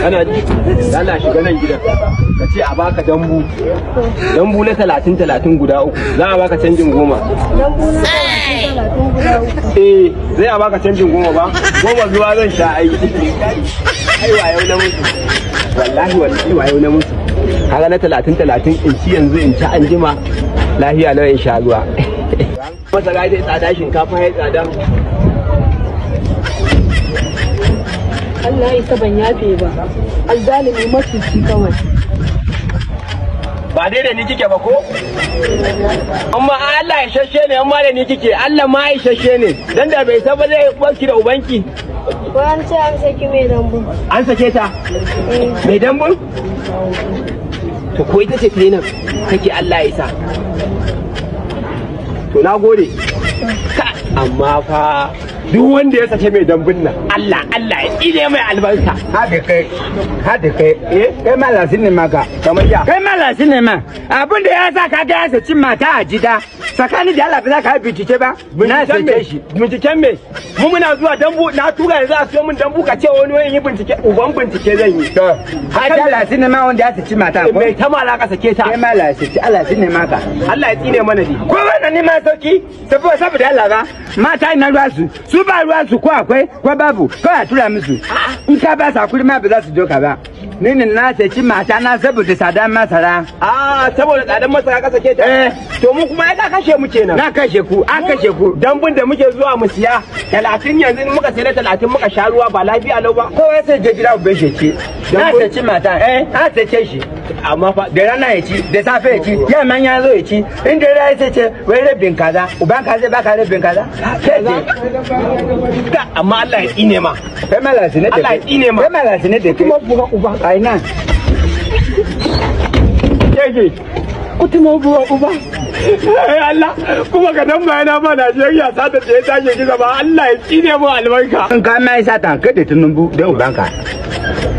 kana ji lala shiga nan gidan ka ce a baka dambu dambu na talatin talatin guda uku za a baka canjin goma na talatin guda uku. eh zai a baka canjin goma ba goma zuwa zan sha ai ai wayo na mutu wallahi wallahi wayo na mutu kaga na talatin talatin in ci yanzu in ci anjima? jima lafiya lau in sha zuwa? masara dai tsada shinkafa ya tsada Allah ya ban yafe ba mafi mafici kawai ba dai da ni kike ba ko amma Allah ya isasshe ne amma da ni kike Allah ma ya isasshe ne dan da bai saba zai ubanki da ubanki ko an ce an saki mai dambun an sake ta eh. mai dambun to ko ita ce cleaner kake Allah sa to na gode amma fa duk wanda ya sace mai dambun nan Allah Allah ile mai albarka hada kai hada kai eh kai ma lasin ne maka kamar ya kai ma lasin ne ma abin da ya sa ga ya sace mata a jida tsakani da Allah ba za ka bincike ba na sake shi binciken me mu muna zuwa dambu na tura yanzu a siyo mun dambu ka ce wani wani yi bincike uban bincike zan yi ha ta lasi ne ma wanda ya saci mata ko mai ta malaka sake ta k'e ma lasi Allah shi ne ka Allah ya tsine mana ne ko wanda ni ma sauki saboda saboda Allah ba mata ina ruwa su su ba ruwa su ko akwai ko babu ko a tura musu in ka ba sa kuri ma ba za su doka ba ni ne na saki mata na saboda tsadan masara Ah, saboda tsadan masara ka sake ta eh. to mu kuma ai ka kashe mu kenan na kashe ku an kashe ku dambun da muke zuwa mu siya 30 yanzu muka sai da 30 muka sha ruwa ba lafiya lau ba kowa sai je gida ce. sheki na saki mata eh na sake shi amma fa da rana ya ci da safe ya ci yamma ya zo ya ci in da rana sai ce wai rabin kaza uban kaza ba ka rabin kaza sai ka amma Allah ya tsine ma kai malasi ne da Allah ya tsine ma kai malasi ne da kuma buga uban ai nan yake kutumo buwa uba Allah kuma ka dan bayana ba Najeriya sa ta tsaye ta ke gaba Allah ya tsine mu albarka kan ka mai satan kada tunumbu da ka.